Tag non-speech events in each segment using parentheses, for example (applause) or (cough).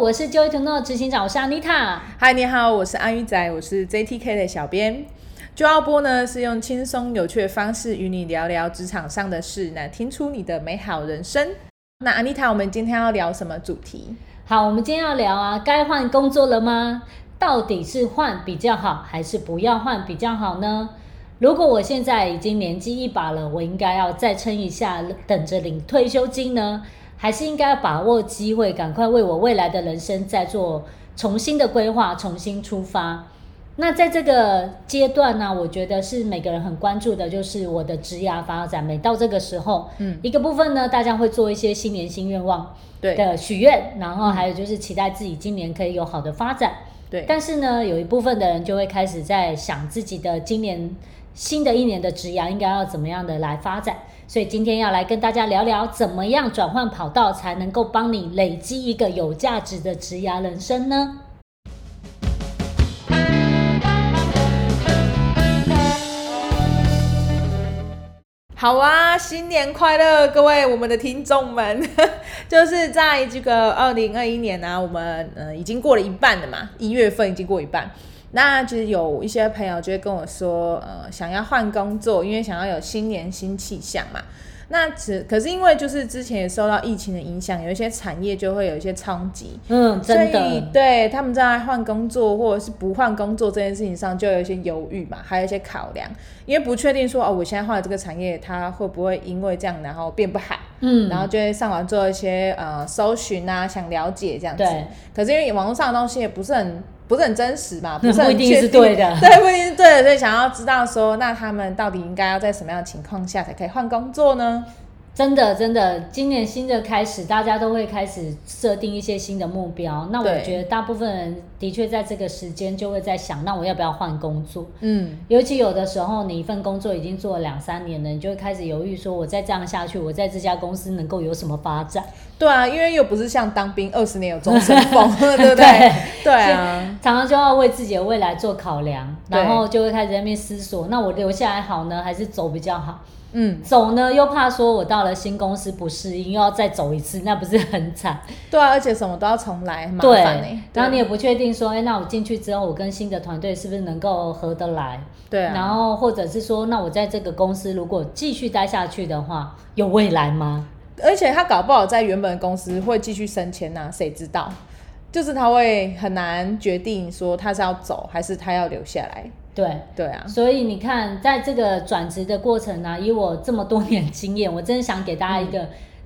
我是 Joy to Know 的執行長，我是 Anita。嗨，你好，我是安玉仔，我是 JTK 的小編。Joy 播呢，是用輕鬆有趣的方式與你聊聊職場上的事，來聽出你的美好人生。那 Anita，我們今天要聊什麼主題？好，我們今天要聊啊，該換工作了嗎？到底是換比較好，還是不要換比較好呢？如果我現在已經年紀一把了，我應該要再撐一下，等着領退休金呢？還是應該把握機會，趕快為我未來的人生再做重新的規劃，重新出發。那在這個階段呢、啊，我覺得是每個人很關注的，就是我的職業發展。每到這個時候，嗯，一個部分呢，大家會做一些新年新願望對的許願，然後還有就是期待自己今年可以有好的發展、嗯。對，但是呢，有一部分的人就會開始在想自己的今年。新的一年的職涯應該要怎麼樣的來發展？所以今天要來跟大家聊聊，怎麼樣轉換跑道才能夠幫你累積一個有價值的職涯人生呢？好啊，新年快樂，各位我們的聽眾們！呵呵，就是在這個二零二一年啊，我們，呃，已經過了一半了嘛，一月份已經過了一半。那其實有一些朋友就會跟我說，呃，想要換工作，因為想要有新年新氣象嘛。那只可是因為就是之前也受到疫情的影響，有一些產業就會有一些衝擊，嗯，所以，對，他們在換工作或者是不換工作這件事情上就有一些猶豫嘛，還有一些考量，因為不確定說哦，我現在換了這個產業，它會不會因為這樣然後變不好，嗯，然後就會上網做一些呃搜尋啊，想了解這樣子。對，可是因為網絡上的東西也不是很。不是很真實吧、嗯？不一定是對的，對，不一定是對的。所以想要知道說，那他們到底應該要在什麼樣的情況下才可以換工作呢？真的，真的，今年新的開始，大家都會開始設定一些新的目標。那我覺得，大部分人的確在這個時間就會在想，那我要不要換工作？嗯，尤其有的時候，你一份工作已經做了兩三年了，你就會開始猶豫，說，我再這樣下去，我在這家公司能夠有什麼發展？對啊，因為又不是像當兵二十年有終身俸，對 (laughs) 不對？對啊，常常就要為自己的未來做考量，然後就會開始在那邊思索：那我留下來好呢，還是走比較好？嗯，走呢又怕說我到了新公司不適應，又要再走一次，那不是很慘？對啊，而且什麼都要重來，麻煩誒、欸。然後你也不確定說，哎，那我進去之後，我跟新的團隊是不是能夠合得來？對、啊，然後或者是說，那我在這個公司如果繼續待下去的話，有未來嗎？而且他搞不好在原本的公司會繼續升遷呢，誰知道？就是他會很難決定說他是要走還是他要留下來。對對啊，所以你看，在這個轉職的過程呢啊，以我這麼多年經驗，我真的想給大家一個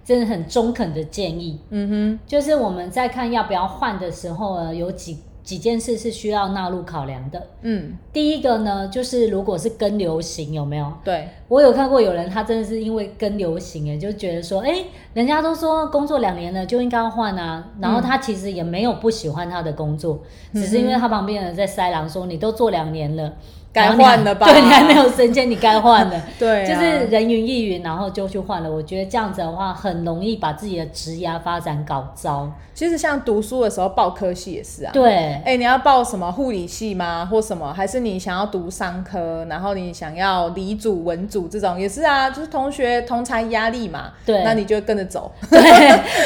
真的很中肯的建議。嗯哼，就是我們在看要不要換的時候，有幾幾件事是需要納入考量的。嗯，第一個呢，就是如果是跟流行有沒有？對，我有看過有人他真的是因為跟流行，就覺得說，哎、欸，人家都說工作兩年了就應該換啊，然後他其實也沒有不喜歡他的工作，嗯、只是因為他旁邊人在塞狼說你都做兩年了。嗯該換了吧？對，你還沒有升遷， (laughs) 你該換了。 (laughs) 對、啊，就是人云亦云，然後就去換了。我覺得這樣子的話，很容易把自己的職業發展搞糟。其實像讀書的時候報科系也是啊。對。哎、欸，你要報什麼護理系嗎？或什麼？還是你想要讀商科？然後你想要理組、文組這種也是啊。就是同學同儕壓力嘛。對。那你就跟着走。 (laughs) 對。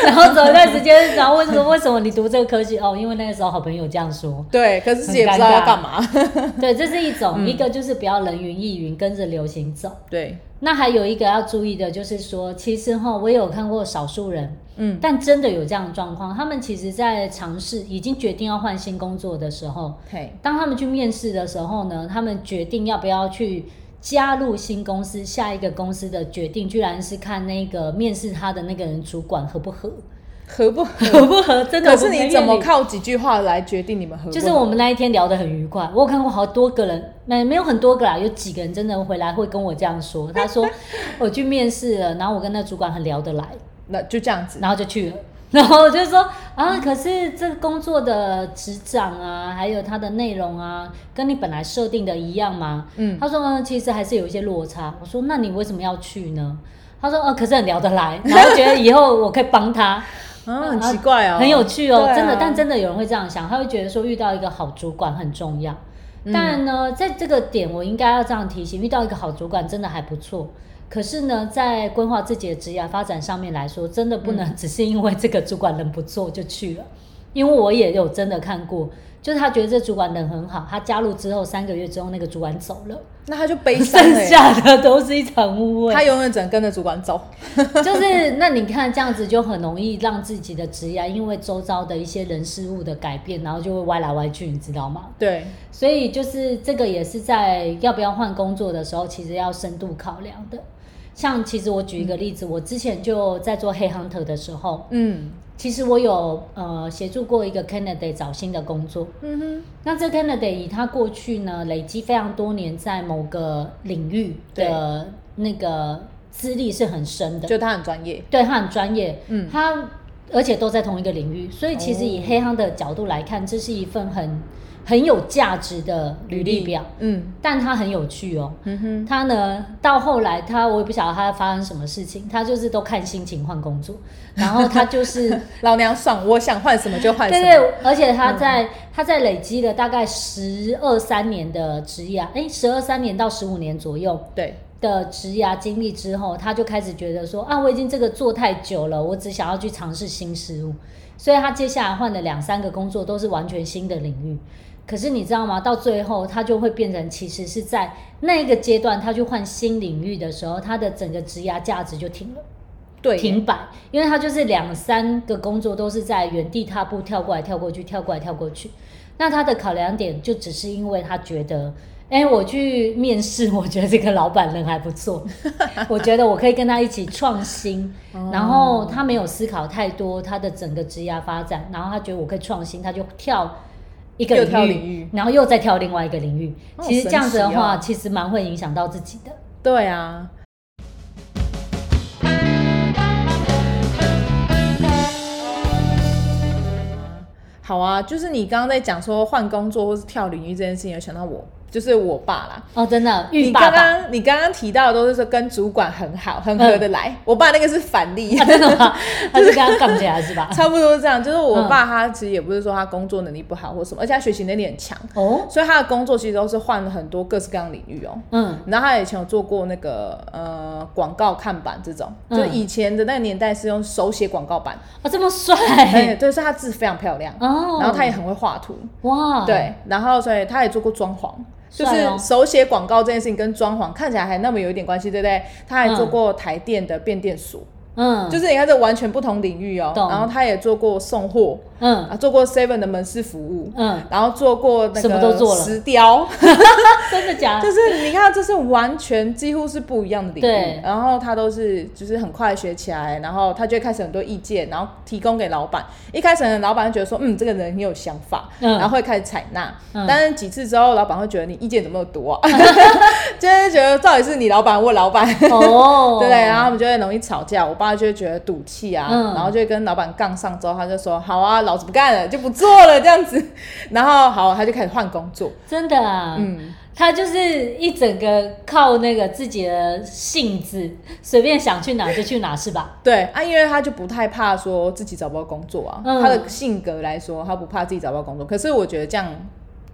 然後走一段時間， (laughs) 然後問說為什麼你讀這個科系？ (laughs) 哦，因為那個時候好朋友這樣說。對，可是自己不知道要幹嘛。 (laughs) 對，這是一種。嗯、一個就是不要人云亦云，跟着流行走。對，那還有一個要注意的，就是說，其實哈，我也有看過少數人，嗯，但真的有這樣的狀況，他們其實在嘗試，已經決定要換新工作的時候，okay、當他們去面試的時候呢，他們決定要不要去加入新公司，下一個公司的決定，居然是看那個面試他的那個人主管合不合。合不合，合不合，真的合不合，可是你怎麼靠幾句話來決定你們合不合？就是我們那一天聊得很愉快。我看過好多個人，沒沒有很多個啦，有幾個人真的回來會跟我這樣說。他說 (laughs) 我去面試了，然後我跟那個主管很聊得來，那就這樣子，然後就去了。嗯、然後我就說啊，可是這個工作的職掌啊，還有它的內容啊，跟你本來設定的一樣嗎？嗯，他說、嗯、其實還是有一些落差。我說那你為什麼要去呢？他說哦、啊，可是很聊得來，然後我覺得以後我可以幫他。 (laughs) 啊，很奇怪哦！啊、很有趣哦、啊，真的，但真的有人會這樣想，他會覺得說遇到一個好主管很重要。當然呢、嗯，在這個點我應該要這樣提醒，遇到一個好主管真的還不錯。可是呢，在規劃自己的職業發展上面來說，真的不能只是因為這個主管人不錯就去了，嗯、因為我也有真的看過，就是他覺得這主管人很好，他加入之後三個月之後那個主管走了。那他就悲傷。剩下的都是一場誤會。他永遠只能跟着主管走。 (laughs) 就是，那你看這樣子就很容易讓自己的職業因為周遭的一些人事物的改變，然後就會歪來歪去，你知道嗎？對。所以就是這個也是在要不要換工作的時候，其實要深度考量的。像其實我舉一個例子，嗯，我之前就在做黑 hunter 的時候，嗯，其實我有呃協助過一個 candidate 找新的工作，嗯哼，那這 candidate 以他過去呢累積非常多年在某個領域的那個資歷是很深的，就他很專業，對，他很專業，嗯，他而且都在同一個領域，所以其實以黑 hunter 的角度來看，這是一份很很有價值的履歷表，嗯，嗯，但他很有趣哦，嗯哼，他呢到後來他，他我也不曉得他發生什麼事情，他就是都看心情換工作，然後他就是 (laughs) 老娘爽，我想換什麼就換什麼，對，對，對而且他在、嗯、他在累積了大概十二三年的職業啊，哎，十二三年到十五年左右，對的職涯經歷之後，他就開始覺得說啊，我已經這個做太久了，我只想要去嘗試新事物，所以他接下來換了兩三個工作，都是完全新的領域。可是你知道嗎？到最後，他就會變成其實是在那個階段，他去換新領域的時候，他的整個職涯價值就停了，對，停擺，因為他就是兩三個工作都是在原地踏步，跳過來跳過去，跳過來跳過去。那他的考量點就只是因為他覺得，哎、欸，我去面試，我覺得這個老板人還不錯， (laughs) 我覺得我可以跟他一起創新。 (laughs) 然後他沒有思考太多他的整個職涯發展，然後他覺得我可以創新，他就跳。一個領域，領域，然後又再跳另外一個領域，哦、其實這樣子的話，啊、其實蠻會影響到自己的。對啊。好啊，就是你剛剛在講說換工作或是跳領域這件事情，有想到我。就是我爸啦，哦，oh, 真的，啊，你剛剛你剛剛提到的都是說跟主管很好，很合得來。嗯、我爸那個是反例，啊，真的，就是，他是幹起來是吧？ (laughs) 差不多是這樣，就是我爸他其實也不是說他工作能力不好或什麼，而且他學習能力很強哦，所以他的工作其實都是換了很多各式各樣領域哦，喔。嗯，然後他以前有做過那個呃廣告看板這種，就是，以前的那個年代是用手寫廣告板啊，這麼帥，對，嗯，所以他字非常漂亮哦，然後他也很會畫圖哇，嗯，對，然後所以他也做過裝潢。就是手寫廣告這件事情，跟裝潢看起來還那麼有一點關係，對不對？他還做過台電的變電所。嗯嗯，就是你看這完全不同領域哦、喔，然後他也做過送貨，嗯，啊做過 Seven 的門市服務，嗯，然後做過那個石雕， (laughs) 真的假的？就是你看這是完全幾乎是不一樣的領域，對。然後他都是就是很快學起來，然後他就會開始很多意見，然後提供給老闆。一開始，老闆就覺得說，嗯，這個人很有想法，嗯、然後會開始採納、嗯。但是幾次之後，老闆會覺得你意見怎麼有多、啊？哈哈哈就是覺得到底是你老闆我老闆哦，oh, (laughs) 對，然後他們就會容易吵架。我爸。他就會覺得賭氣啊、嗯，然後就會跟老闆槓上之後，他就說：“好啊，老子不幹了，就不做了。”這樣子，然後好，他就開始換工作。真的、啊，嗯，他就是一整個靠那個自己的性子，隨便想去哪就去哪， (laughs) 是吧？對啊，因為他就不太怕說自己找不到工作啊、嗯。他的性格來說，他不怕自己找不到工作。可是我覺得這樣。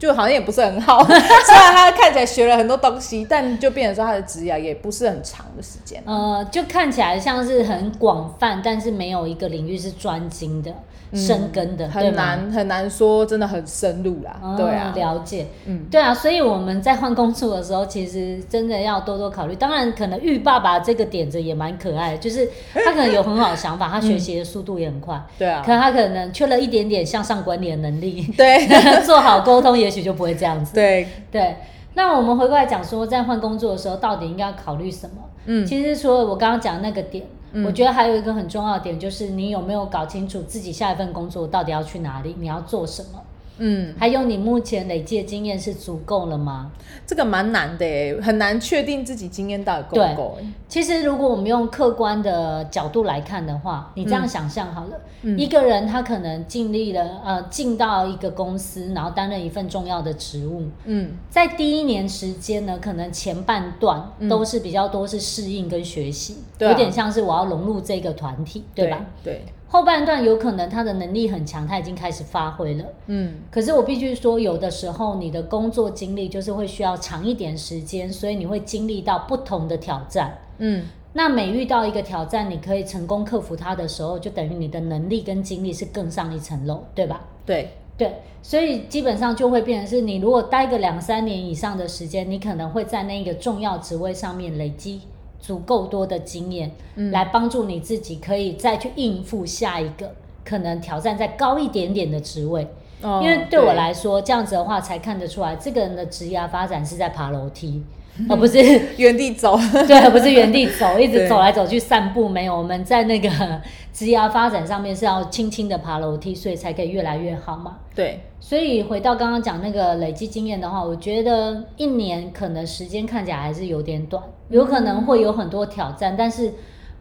就好像也不是很好，雖然他看起來學了很多東西，但就變成說他的職涯也不是很長的時間。呃，就看起來像是很廣泛，但是沒有一個領域是專精的、嗯、深耕的，很難很難說真的很深入啦、嗯。對啊，了解，嗯，對啊，所以我們在換工作的時候，其實真的要多多考慮。當然，可能玉爸爸這個點子也蠻可愛的，就是他可能有很好的想法，他學習的速度也很快、嗯，對啊，可他可能缺了一點點向上管理的能力，對， (laughs) 做好溝通也。也許就不會這樣子。對對，那我們回過來講說，在換工作的時候，到底應該要考慮什麼？嗯，其實除了我剛剛講的那個點，我覺得還有一個很重要的點，嗯、就是你有沒有搞清楚自己下一份工作到底要去哪裡，你要做什麼。嗯，還有你目前累積的經驗是足夠了嗎？這個蠻難的耶，很難確定自己經驗到底夠不夠。其實如果我們用客觀的角度來看的話，你這樣想象好了，嗯嗯，一個人他可能經歷了，呃，進到一個公司，然後擔任一份重要的職務，嗯，在第一年時間呢，可能前半段都是比較多是適應跟學習，嗯啊，有點像是我要融入這個團體，對吧？對。對後半段有可能他的能力很強，他已經開始發揮了。嗯，可是我必須說，有的時候你的工作經歷就是會需要長一點時間，所以你會經歷到不同的挑戰。嗯，那每遇到一個挑戰，你可以成功克服它的時候，就等於你的能力跟經歷是更上一層樓，對吧？對對，所以基本上就會變成是，你如果待個兩三年以上的時間，你可能會在那個重要職位上面累積。足夠多的經驗，來幫助你自己可以再去應付下一個、嗯、可能挑戰，再高一點點的職位、哦。因為對我來說，這樣子的話才看得出來，這個人的職業發展是在爬樓梯、嗯，而不是原地走。對，而不是原地走，一直走來走去散步 (laughs) 沒有。我們在那個職業發展上面是要輕輕的爬樓梯，所以才可以越來越好嘛。對，所以回到剛剛講那個累積經驗的話，我覺得一年可能時間看起來還是有點短。有可能會有很多挑戰，嗯、但是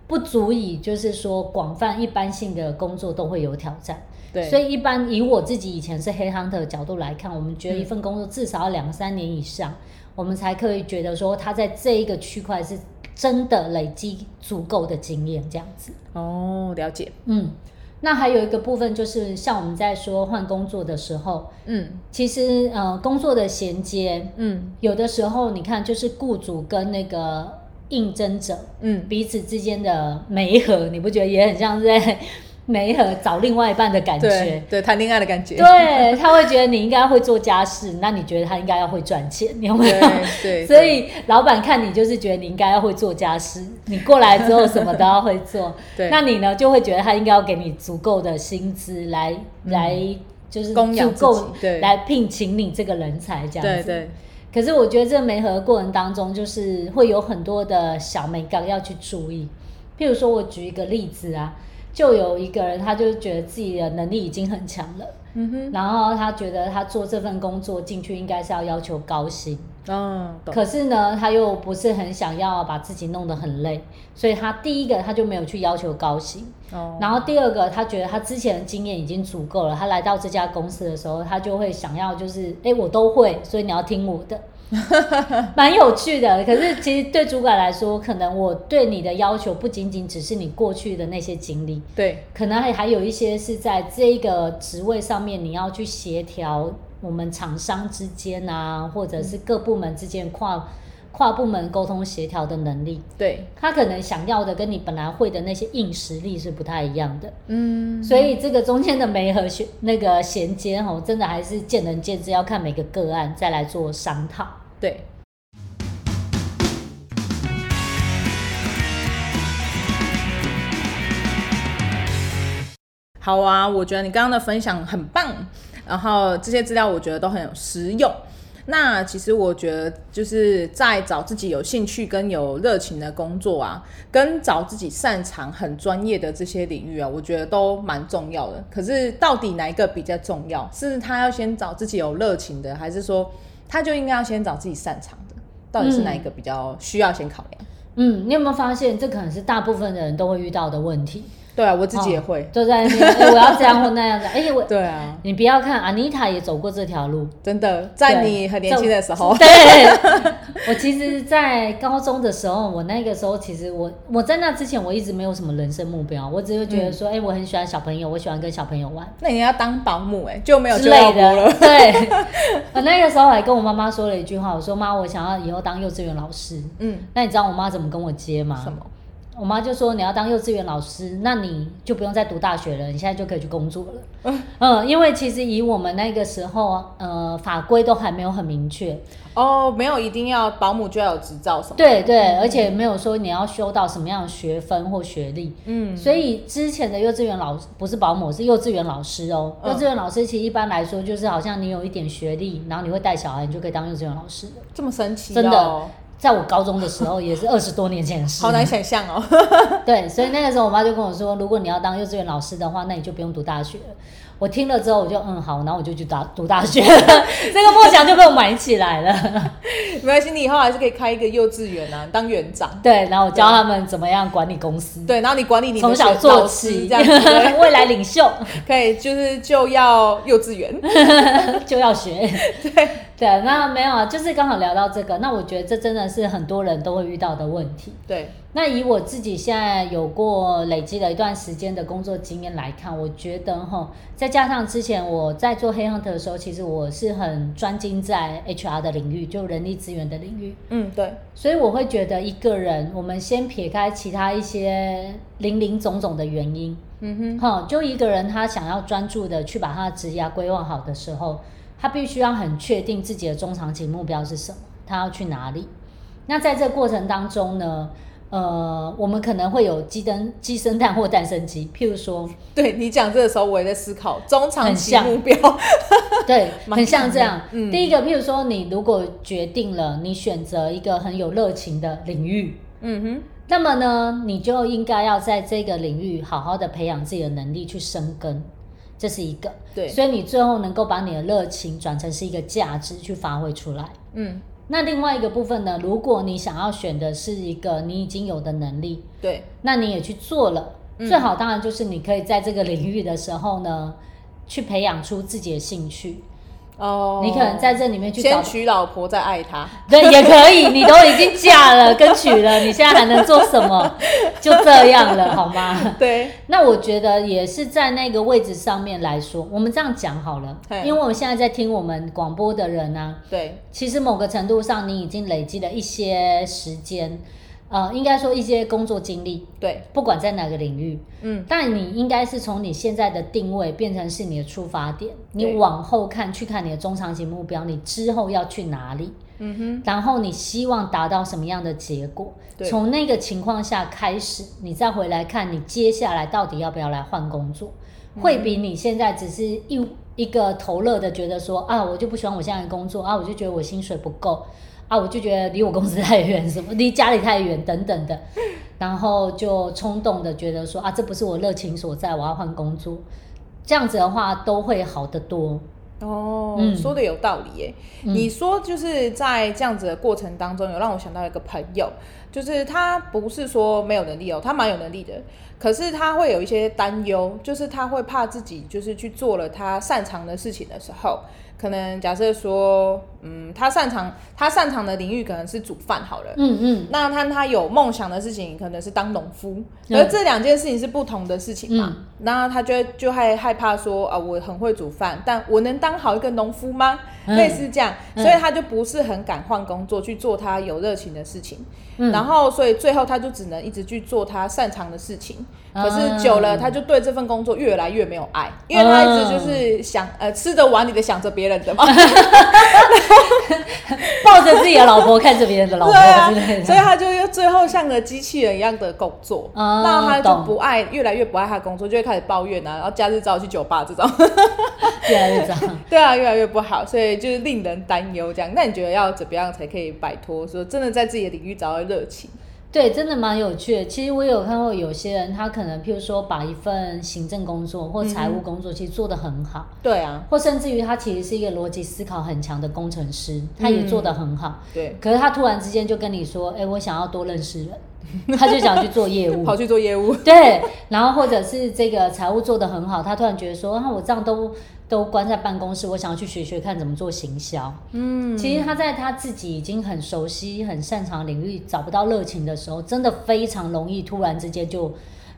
不足以就是說廣泛一般性的工作都會有挑戰。對，所以一般以我自己以前是 Head Hunter 的角度來看，我們覺得一份工作至少要兩三年以上、嗯，我們才可以覺得說他在這一個區塊是真的累積足夠的經驗這樣子。哦，了解，嗯。那還有一個部分就是，像我們在說換工作的時候，嗯，其實呃，工作的銜接，嗯，有的時候你看，就是雇主跟那個應徵者，嗯，彼此之間的媒合，你不覺得也很像是在？媒合找另外一半的感覺，對，談戀愛的感覺，對，他會覺得你應該會做家事，那你覺得他應該要會賺錢，你有沒有對，對，所以老闆看你就是覺得你應該要會做家事，你過來之後什麼都要會做，對，那你呢就會覺得他應該要給你足夠的薪資來、嗯、來就是足夠來聘請你這個人才這樣子。對，對，可是我覺得這媒合的過程當中就是會有很多的小眉角要去注意，譬如說我舉一個例子啊。就有一個人，他就覺得自己的能力已經很強了，嗯，然後他覺得他做這份工作進去應該是要要求高薪，嗯，可是呢，他又不是很想要把自己弄得很累，所以他第一個他就沒有去要求高薪，嗯，然後第二個他覺得他之前的經驗已經足夠了，他來到這家公司的時候，他就會想要就是，哎、欸，我都會，所以你要聽我的。 (laughs) 蠻有趣的，可是其實對主管來說，可能我對你的要求不僅僅只是你過去的那些經歷，對，可能還還有一些是在這個職位上面你要去協調我們廠商之間啊，或者是各部門之間跨跨部門溝通協調的能力，對，他可能想要的跟你本來會的那些硬實力是不太一樣的，嗯，所以這個中間的媒合那個銜接齁真的還是見仁見智，要看每個個案再來做商討。對，好啊，我覺得你剛剛的分享很棒，然後這些資料我覺得都很有實用。那其實我覺得，就是在找自己有興趣跟有熱情的工作啊，跟找自己擅長、很專業的這些領域啊，我覺得都蠻重要的。可是到底哪一個比較重要？是他要先找自己有熱情的，還是說他就應該要先找自己擅長的？到底是哪一個比較需要先考量？嗯，嗯，你有沒有發現，這可能是大部分的人都會遇到的問題？對啊，我自己也會。哦、就在、欸、我要這樣或那樣子、欸，對啊。你不要看，Anita 也走過這條路，真的。在你很年輕的時候。對。對 (laughs) 我其實，在高中的時候，我那個時候其實我我在那之前，我一直沒有什麼人生目標，我只會覺得說，哎、嗯欸，我很喜歡小朋友，我喜歡跟小朋友玩。那你要當保姆？哎、欸，就沒有。之類的。對。我、 (laughs) 哦、那個時候還跟我媽媽說了一句話，我說：“媽，我想要以後當幼稚園老師。”嗯。那你知道我媽怎麼跟我接嗎？什麼？我媽就說：“你要當幼稚園老師，那你就不用再讀大學了，你現在就可以去工作了。”嗯，嗯，因為其實以我們那個時候，呃，法規都還沒有很明確哦，沒有一定要保姆就要有執照什麼的。對對，而且沒有說你要修到什麼樣的學分或學歷。嗯，所以之前的幼稚園老師不是保姆，是幼稚園老師哦。嗯。幼稚園老師其實一般來說就是好像你有一點學歷，然後你會帶小孩，你就可以當幼稚園老師了。這麼神奇喔，真的。在我高中的時候，也是二十多年前的事。 (laughs) 好難想象哦。 (laughs) 對，所以那個時候我媽就跟我說，如果你要當幼稚園老師的話，那你就不用讀大學了。我聽了之後，我就嗯好，然後我就去讀大學了， (laughs) 這個夢想就被我埋起來了。 (laughs) 沒關係，你以後還是可以開一個幼稚園啊，當園長。對，然後我教他們怎麼樣管理公司。對，對然後你管理你從小做起，這 (laughs) 樣未來領袖 (laughs) 可以就是就要幼稚園， (laughs) (laughs) 就要學，對。對，那沒有啊，就是剛好聊到這個。那我覺得這真的是很多人都會遇到的問題。對，那以我自己現在有過累積了一段時間的工作經驗來看，我覺得哈，再加上之前我在做黑 hunter 的時候，其實我是很專精在 HR 的領域，就人力資源的領域。嗯，對。所以我會覺得一個人，我們先撇開其他一些零零總總的原因，嗯哼，哈，就一個人他想要專注的去把他的職涯規劃好的時候。他必須要很確定自己的中長期目標是什麼，他要去哪裡。那在這個過程當中呢，呃，我們可能會有雞生雞生蛋或蛋生雞。譬如說，對你講這個時候，我也在思考中長期目標， (laughs) 對，很像這樣，嗯。第一個，譬如說，你如果決定了，你選擇一個很有熱情的領域，嗯哼，那麼呢，你就應該要在這個領域好好的培養自己的能力，去生根。.這是一個對，所以你最後能夠把你的熱情轉成是一個價值去發揮出來。嗯，那另外一個部分呢？如果你想要選的是一個你已經有的能力，對，那你也去做了。嗯，最好當然就是你可以在這個領域的時候呢，去培養出自己的興趣。哦、oh，你可能在這裡面去找，先娶老婆再愛她，對， (laughs) 也可以。你都已經嫁了跟娶了，你現在還能做什麼？ (laughs) 就這樣了，好嗎？對，那我覺得也是在那個位置上面來說，我們這樣講好了，因為我們現在在聽我們廣播的人啊，對，其實某個程度上你已經累積了一些時間。呃，應該說一些工作經歷，對，不管在哪個領域，嗯，但你應該是從你現在的定位變成是你的出發點，你往後看，去看你的中長期目標，你之後要去哪裡，嗯哼，然後你希望達到什麼樣的結果，對，從那個情況下開始，你再回來看你接下來到底要不要來換工作，嗯，會比你現在只是一一個投樂頭熱的覺得說，啊，我就不喜歡我現在的工作啊，我就覺得我薪水不夠。啊，我就覺得離我公司太遠，什麼離家裡太遠等等的，然後就衝動的覺得說啊，這不是我熱情所在，我要換工作，這樣子的話都會好得多。哦，嗯、說得有道理誒、嗯。你說就是在這樣子的過程當中，有讓我想到一個朋友，就是他不是說沒有能力哦、喔，他蠻有能力的。可是他會有一些擔憂，就是他會怕自己，就是去做了他擅長的事情的時候，可能假設說，嗯，他擅長他擅長的領域可能是煮飯好了，嗯嗯，那他他有夢想的事情可能是當農夫，而這兩件事情是不同的事情嘛，嗯、那他就就害害怕說啊，我很會煮飯，但我能當好一個農夫嗎？類、嗯、似這樣，所以他就不是很敢換工作去做他有熱情的事情、嗯，然後所以最後他就只能一直去做他擅長的事情。可是久了，他就對這份工作越來越沒有愛，因為他一直就是想呃，吃着碗裡的想着別人的嘛， (laughs) 抱着自己的老婆看着別人的老婆。對啊，所以他就又最後像個機器人一樣的工作，那，嗯，他就不愛，越來越不愛他的工作，就會開始抱怨啊，然後假日只好去酒吧這種，越來越糟，對啊，越來越不好，所以就是令人擔憂這樣。那你覺得要怎麼樣才可以擺脫，說真的在自己的領域找到熱情？對，真的蠻有趣的。其實我有看過有些人，他可能譬如說，把一份行政工作或財務工作，其實做得很好，嗯。對啊。或甚至於他其實是一個邏輯思考很強的工程師，他也做得很好。嗯、對。可是他突然之間就跟你說：“哎、欸，我想要多認識人。” (laughs) 他就想去做業務，跑去做業務。對，然後或者是這個財務做得很好，他突然覺得說，啊，我這樣都都關在辦公室，我想要去學學看怎麼做行銷。嗯，其實他在他自己已經很熟悉、很擅長領域找不到熱情的時候，真的非常容易突然之間就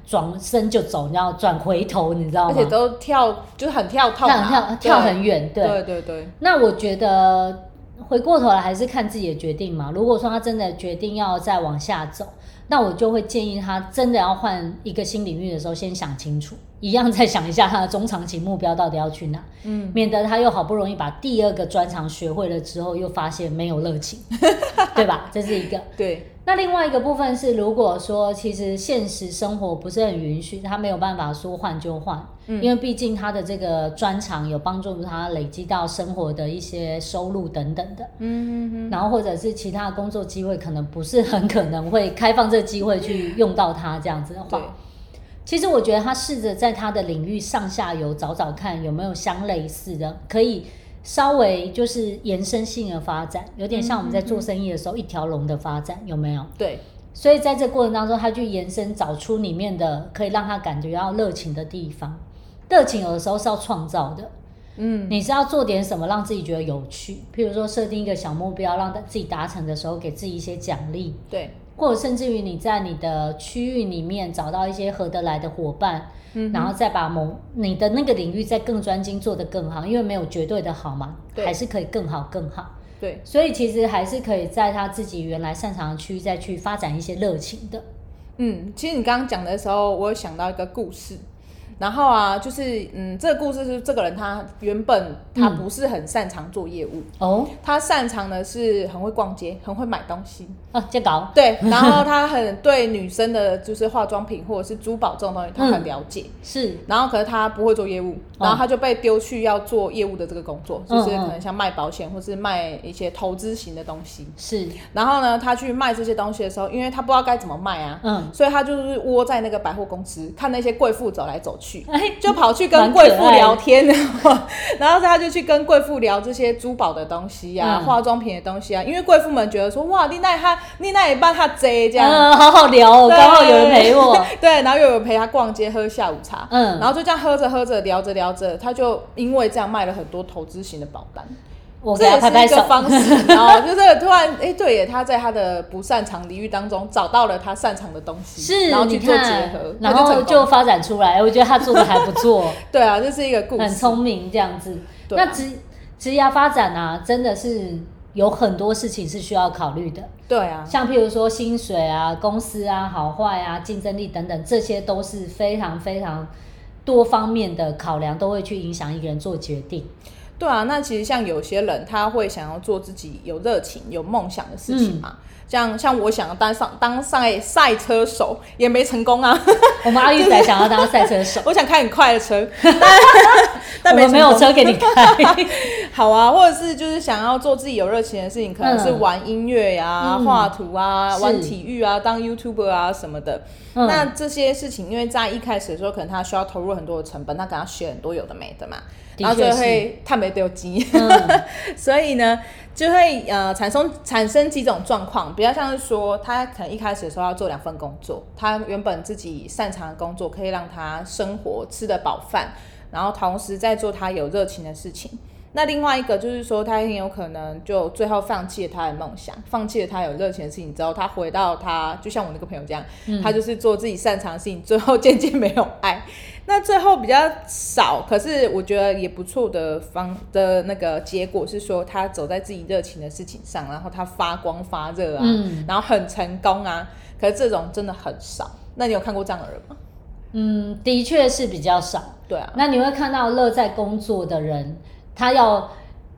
轉身就走，然後轉回頭，你知道嗎？而且都跳，就很跳套很跳，跳跳很遠。對對，對對對。那我覺得回過頭來還是看自己的決定嘛。如果說他真的決定要再往下走。那我就會建議他，真的要換一個新領域的時候，先想清楚，一樣再想一下他的中長期目標到底要去哪，嗯，免得他又好不容易把第二個專長學會了之後，又發現沒有熱情， (laughs) 對吧？這是一個對。那另外一個部分是，如果說其實現實生活不是很允許，他沒有辦法說換就換。嗯，因為畢竟他的這個專長有幫助他累積到生活的一些收入等等的。嗯嗯嗯。然後或者是其他的工作機會，可能不是很可能會開放這個機會去用到他這樣子的話。嗯，其實我覺得他試着在他的領域上下游找找看有沒有相類似的可以。稍微就是延伸性的發展，有點像我們在做生意的時候嗯嗯嗯一條龍的發展，有沒有？對。所以在這過程當中，他去延伸找出裡面的可以讓他感覺到熱情的地方。熱情有的時候是要創造的，嗯，你是要做點什麼讓自己覺得有趣。譬如說，設定一個小目標，讓自己達成的時候，給自己一些獎勵。對。或者甚至於你在你的區域裡面找到一些合得來的夥伴。然後再把某你的那個領域再更專精，做得更好，因為沒有絕對的好嘛，對，還是可以更好更好。對，所以其實還是可以在他自己原來擅長的區域再去發展一些熱情的。嗯，其實你剛剛講的時候，我有想到一個故事。然後啊，就是嗯，這個故事是這個人他原本他不是很擅長做業務、嗯、哦，他擅長的是很會逛街，很會買東西啊，見到對，然後他很對女生的就是化妝品或者是珠寶這種東西，他很了解、嗯、是，然後可是他不會做業務，然後他就被丟去要做業務的這個工作，哦、就是可能像賣保險或是賣一些投資型的東西是、嗯嗯，然後呢，他去賣這些東西的時候，因為他不知道該怎麼賣啊，嗯，所以他就是窩在那個百貨公司看那些貴婦走來走去。欸、就跑去跟貴婦聊天， (laughs) 然後他就去跟貴婦聊這些珠寶的東西呀、啊嗯、化妝品的東西啊，因為貴婦們覺得說，哇，麗那麼，她麗也幫他遮這樣、嗯，好好聊、喔，剛好有人陪我， (laughs) 對，然後又有人陪他逛街、喝下午茶、嗯，然後就這樣喝着喝着、聊着聊着，他就因為這樣賣了很多投資型的保單。我跟他拍拍手，這也是一個方式， (laughs) 然後就是突然，哎、欸，對耶，他在他的不擅長領域當中找到了他擅長的東西，是然後你做結合你看，然後就發展出來。我覺得他做的還不錯。 (laughs) 對啊，這是一個故事，很聰明這樣子。對啊、那職職業發展啊，真的是有很多事情是需要考慮的。對啊，像譬如說薪水啊、公司啊、好壞啊、競爭力等等，這些都是非常非常多方面的考量，都會去影響一個人做決定。對啊，那其實像有些人，他會想要做自己有熱情、有夢想的事情嘛。嗯像像我想當上當賽賽車手也沒成功啊！我們阿姨仔想要當賽車手， (laughs) 我想開很快的車， (laughs) (laughs) 但沒們沒有車給你開。 (laughs) 好啊，或者是就是想要做自己有熱情的事情，可能是玩音樂呀、啊、畫、嗯、圖啊、嗯、玩體育啊、當 YouTuber 啊什麼的、嗯。那這些事情，因為在一開始的時候，可能他需要投入很多的成本，他可能要學很多有的沒的嘛，的然後就會他沒得有所以呢。就會呃產生產生幾種狀況，比較像是說他可能一開始的時候要做兩份工作，他原本自己擅長的工作可以讓他生活吃得飽飯，然後同時在做他有熱情的事情。那另外一個就是說，他很有可能就最後放棄了他的夢想，放棄了他有熱情的事情之後，他回到他，就像我那個朋友這樣，他就是做自己擅長的事情，最後漸漸沒有愛。那最後比較少，可是我覺得也不錯的方的那個結果是說，他走在自己熱情的事情上，然後他發光發熱啊、嗯，然後很成功啊。可是這種真的很少。那你有看過這樣的人嗎？嗯，的確是比較少。對啊，那你會看到樂在工作的人，他要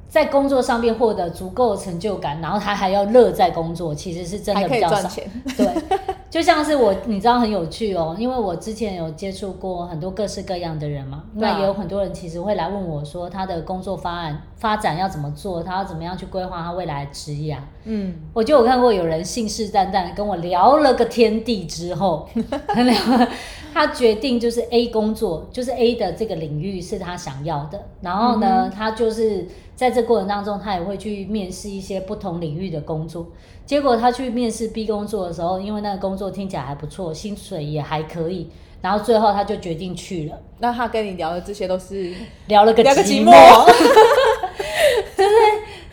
在工作上面獲得足夠的成就感，然後他還要樂在工作，其實是真的比較少，還可以賺錢。對。就像是我，你知道很有趣哦，因為我之前有接觸過很多各式各樣的人嘛，啊、那也有很多人其實會來問我，說他的工作方案發展要怎麼做，他要怎麼樣去規劃他未來的職業啊。嗯，我就有看過有人信誓旦旦跟我聊了個天地之後，聊。 (laughs) (laughs) 他決定就是 A 工作，就是 A 的這個領域是他想要的。然後呢，嗯嗯他就是在這過程當中，他也會去面試一些不同領域的工作。結果他去面試 B 工作的時候，因為那個工作聽起來還不錯，薪水也還可以，然後最後他就決定去了。那他跟你聊的這些都是聊了個寂寞。聊個寂寞。 (laughs)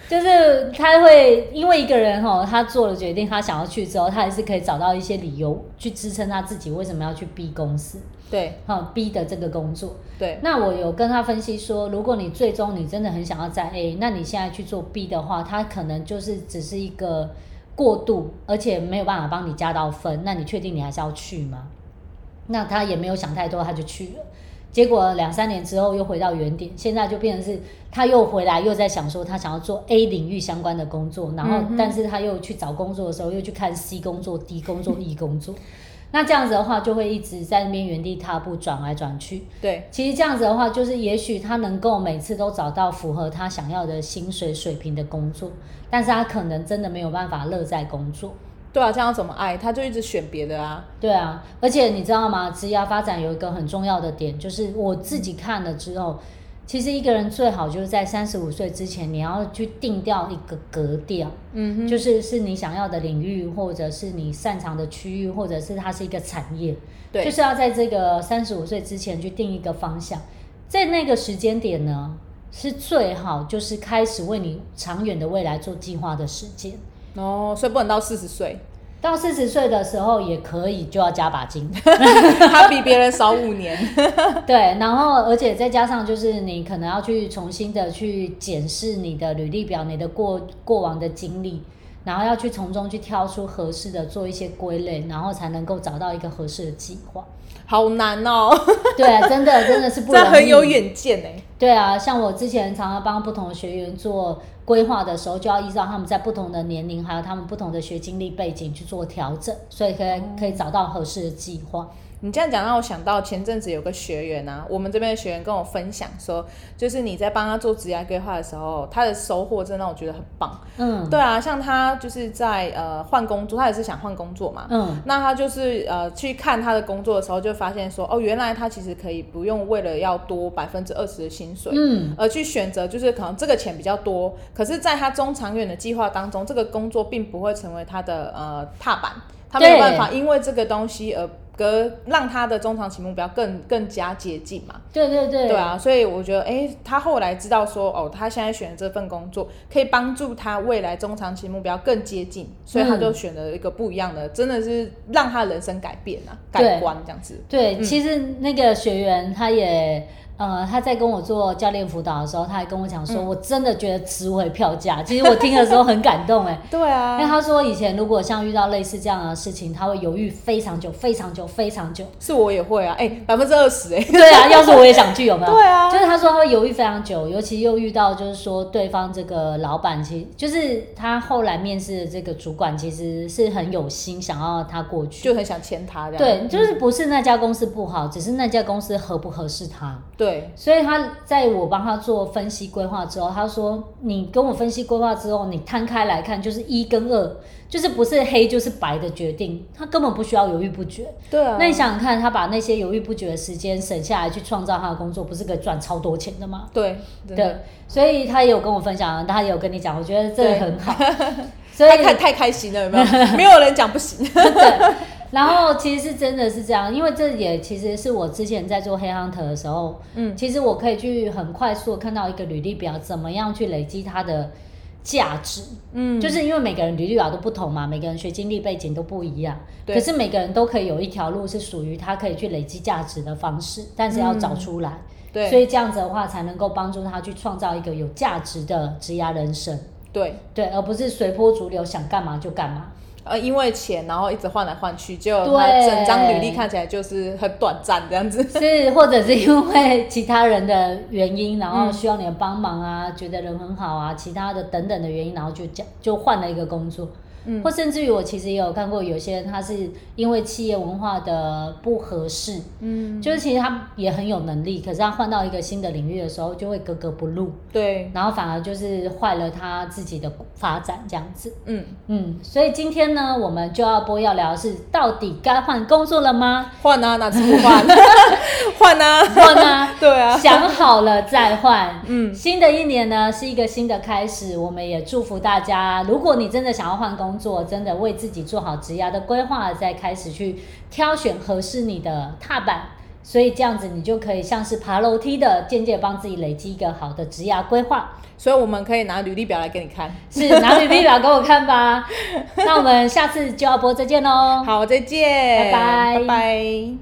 就是他會因為一個人哦，他做了決定，他想要去之後，他還是可以找到一些理由去支撐他自己為什麼要去 B 公司？對，哈，B 的這個工作。對，那我有跟他分析說，如果你最終你真的很想要在 A，那你現在去做 B 的話，他可能就是只是一個過渡，而且沒有辦法幫你加到分。那你確定你還是要去嗎？那他也沒有想太多，他就去了。結果兩三年之後又回到原點，現在就變成是他又回來又在想說他想要做 A 領域相關的工作，然後、嗯、但是他又去找工作的時候又去看 C 工作、D 工作、嗯、E 工作，那這樣子的話就會一直在那邊原地踏步，轉來轉去。對，其實這樣子的話就是也許他能夠每次都找到符合他想要的薪水水平的工作，但是他可能真的沒有辦法樂在工作。對啊，這樣怎麼愛？他就一直選別的啊。對啊，而且你知道嗎？職業發展有一個很重要的點，就是我自己看了之後，其實一個人最好就是在三十五歲之前，你要去定掉一個格調，嗯哼，就是是你想要的領域，或者是你擅長的區域，或者是它是一個產業，對，就是要在這個三十五歲之前去定一個方向，在那個時間點呢，是最好就是開始為你長遠的未來做計劃的時間。哦，所以不能到四十歲，到四十歲的時候也可以，就要加把勁。 (laughs) (laughs) 他比別人少五年， (laughs) 對，然後而且再加上就是你可能要去重新的去檢視你的履歷表，你的過過往的經歷，然後要去從中去挑出合適的，做一些歸類，然後才能夠找到一個合適的計劃。好難哦， (laughs) 對啊，真的真的是不容易。這很有遠見哎，對啊，像我之前常常幫不同的學員做規劃的時候，就要依照他們在不同的年齡，還有他們不同的學經歷背景去做調整，所以可以可以找到合適的計劃。嗯你這樣講讓我想到前陣子有個學員啊，我們這邊的學員跟我分享說，就是你在幫他做職涯規劃的時候，他的收穫真的讓我覺得很棒。嗯，對啊，像他就是在呃換工作，他也是想換工作嘛。嗯，那他就是呃去看他的工作的時候，就發現說，哦，原來他其實可以不用為了要多百分之二十的薪水，嗯，而去選擇就是可能這個錢比較多，可是在他中長遠的計劃當中，這個工作並不會成為他的呃踏板，他沒有辦法因為這個東西而。跟，讓他的中長期目標更更加接近嘛。對對對，對啊，所以我覺得，哎、欸，他後來知道說，哦，他現在選的這份工作可以幫助他未來中長期目標更接近，所以他就選了一個不一樣的，嗯、真的是讓他人生改變啊，改觀這樣子。對，對嗯、其實那個學員他也。呃，他在跟我做教練輔導的時候，他還跟我講說、嗯，我真的覺得值回票價、嗯。其實我聽的時候很感動哎。 (laughs) 對啊。因為他說以前如果像遇到類似這樣的事情，他會猶豫非常久，非常久，非常久。是我也會啊，哎、欸，百分之二十哎。對啊，要是我也想去，有沒有？ (laughs) 對啊。就是他說他會猶豫非常久，尤其又遇到就是說對方這個老闆，其實就是他後來面試的這個主管，其實是很有心 (laughs) 想要他過去，就很想簽他這樣。對，就是不是那家公司不好，嗯、只是那家公司合不合適他。對，所以他在我幫他做分析規劃之後，他說：“你跟我分析規劃之後，你攤開來看，就是一跟二，就是不是黑就是白的決定，他根本不需要猶豫不決。”對啊，那你想想看，他把那些猶豫不決的時間省下來去創造他的工作，不是可以賺超多錢的嗎？對對，所以他也有跟我分享，他也有跟你講，我覺得這很好， (laughs) 所以他看太開心了，有沒有？ (laughs) 沒有人講不行。 (laughs) (laughs) 對然後其實是真的是這樣，因為這也其實是我之前在做黑 hunter 的時候，嗯，其實我可以去很快速的看到一個履歷表怎麼樣去累積它的價值，嗯，就是因為每個人履歷表都不同嘛，每個人學經歷背景都不一樣，對，可是每個人都可以有一條路是屬於他可以去累積價值的方式，但是要找出來，嗯、對，所以這樣子的話才能夠幫助他去創造一個有價值的職牙人生，對，對，而不是隨波逐流想幹嘛就幹嘛。呃，因為錢，然後一直換來換去，就整張履歷看起來就是很短暫這樣子。 (laughs) 是，或者是因為其他人的原因，然後需要你的幫忙啊，嗯、覺得人很好啊，其他的等等的原因，然後就，就換了一個工作。或甚至於我其實也有看過，有些人他是因為企業文化的不合適，嗯，就是其實他也很有能力，可是他換到一個新的領域的時候就會格格不入，對，然後反而就是壞了他自己的發展這樣子，嗯嗯，所以今天呢，我們就要播要聊的是到底該換工作了嗎？換啊，哪次不換？換 (laughs) 換啊，換 (laughs) 啊，啊，對啊，想好了再換。嗯，新的一年呢是一個新的開始，我們也祝福大家。如果你真的想要換工作，做真的為自己做好職涯的規劃，再開始去挑選合適你的踏板，所以這樣子你就可以像是爬樓梯的，間接幫自己累積一個好的職涯規劃。所以我們可以拿履歷表來給你看，是拿履歷表給我看吧？ (laughs) 那我們下次就要播再見嘍！好，再見，拜，拜拜。